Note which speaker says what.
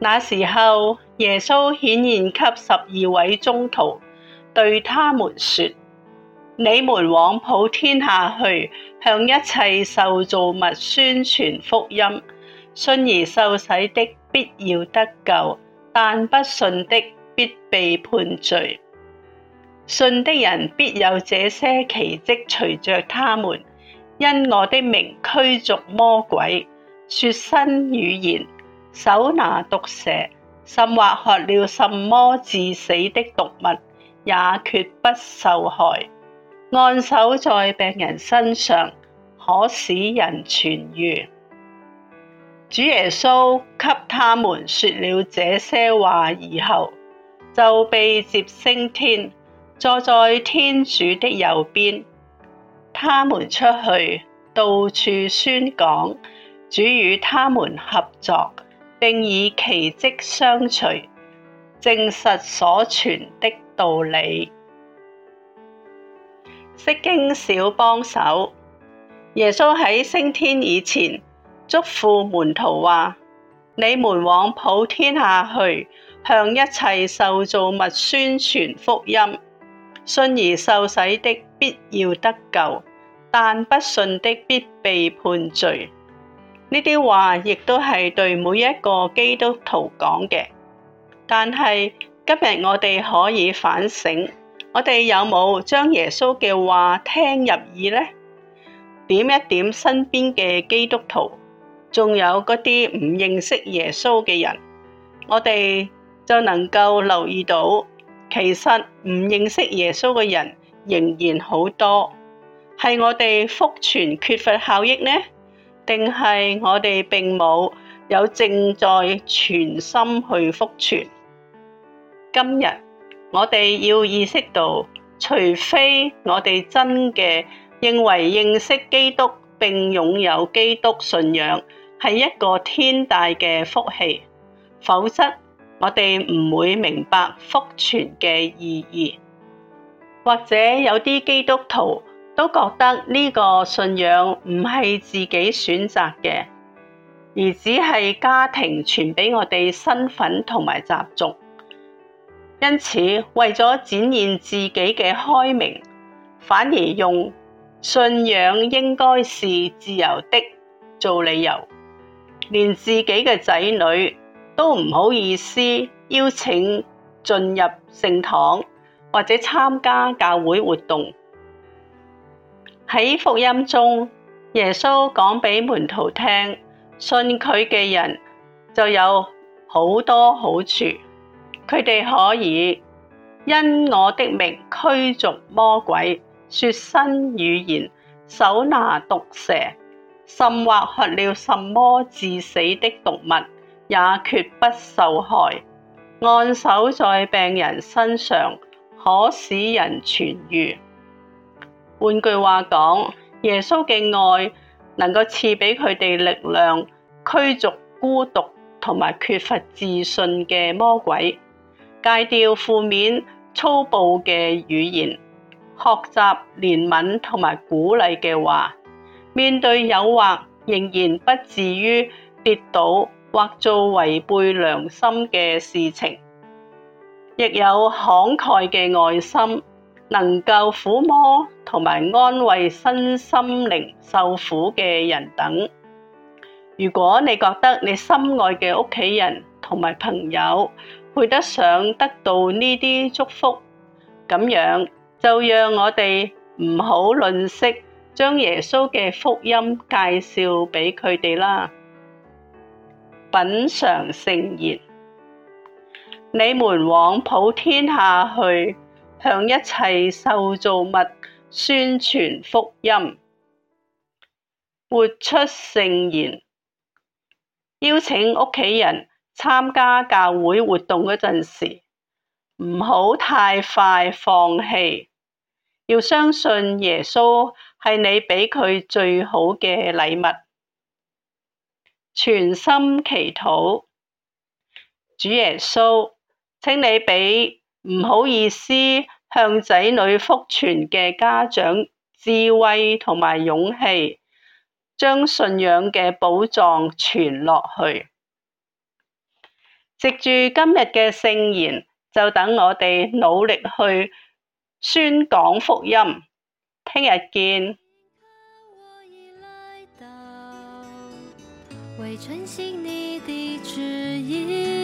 Speaker 1: 那時候，耶穌顯現給十二位宗徒，對他們說：你們往普天下去，向一切受造物宣傳福音，信而受洗的必要得救，但不信的必，必被判罪。信的人必有這些奇蹟隨着他們，因我的名驅逐魔鬼，說新語言。手拿毒蛇，甚或喝了什麼致死的毒物，也決不受害。按手在病人身上，可使人痊癒。主耶穌給他們說了這些話以後，就被接升天，坐在天主的右邊。他們出去，到處宣講，主與他們合作。並以奇蹟相隨，證實所傳的道理。釋經小幫手耶穌喺升天以前，囑咐門徒話：你們往普天下去，向一切受造物宣傳福音。信而受洗的，必要得救；但不信的，必被判罪。呢啲話亦都係對每一個基督徒講嘅，但係今日我哋可以反省，我哋有冇將耶穌嘅話聽入耳呢？點一點身邊嘅基督徒，仲有嗰啲唔認識耶穌嘅人，我哋就能夠留意到，其實唔認識耶穌嘅人仍然好多，係我哋福傳缺乏效益呢？定係我哋並冇有，有正在全心去福傳。今日我哋要意識到，除非我哋真嘅認為認識基督並擁有基督信仰係一個天大嘅福氣，否則我哋唔會明白福傳嘅意義。或者有啲基督徒，都覺得呢個信仰唔係自己選擇嘅，而只係家庭傳俾我哋身份同埋習俗。因此，為咗展現自己嘅開明，反而用「信仰應該是自由的」做理由，連自己嘅仔女都唔好意思邀請進入聖堂或者參加教會活動。喺福音中，耶穌講俾門徒聽，信佢嘅人就有好多好處。佢哋可以因我的名驅逐魔鬼，說新語言，手拿毒蛇，甚或喝了什麼致死的毒物，也決不受害。按手在病人身上，可使人痊癒。換句話講耶穌嘅愛能夠賜俾佢哋力量，驅逐孤獨同埋缺乏自信嘅魔鬼，戒掉負面粗暴嘅語言，學習憐憫同埋鼓勵嘅話，面對誘惑仍然不至於跌倒或做違背良心嘅事情，亦有慷慨嘅愛心。能夠撫摸同埋安慰身心靈受苦嘅人等。如果你覺得你心愛嘅屋企人同埋朋友配得上得到呢啲祝福，咁樣就讓我哋唔好吝嗇，將耶穌嘅福音介紹俾佢哋啦。品嘗聖言，你們往普天下去。向一切受造物宣傳福音。活出聖言，邀請屋企人參加教會活動嗰陣時，唔好太快放棄，要相信耶穌係你畀佢最好嘅禮物。全心祈禱，主耶穌，請你畀唔好意思，向仔女福傳嘅家長智慧同埋勇氣，將信仰嘅寶藏傳落去。藉住今日嘅聖言，就等我哋努力去宣講福音。聽日見。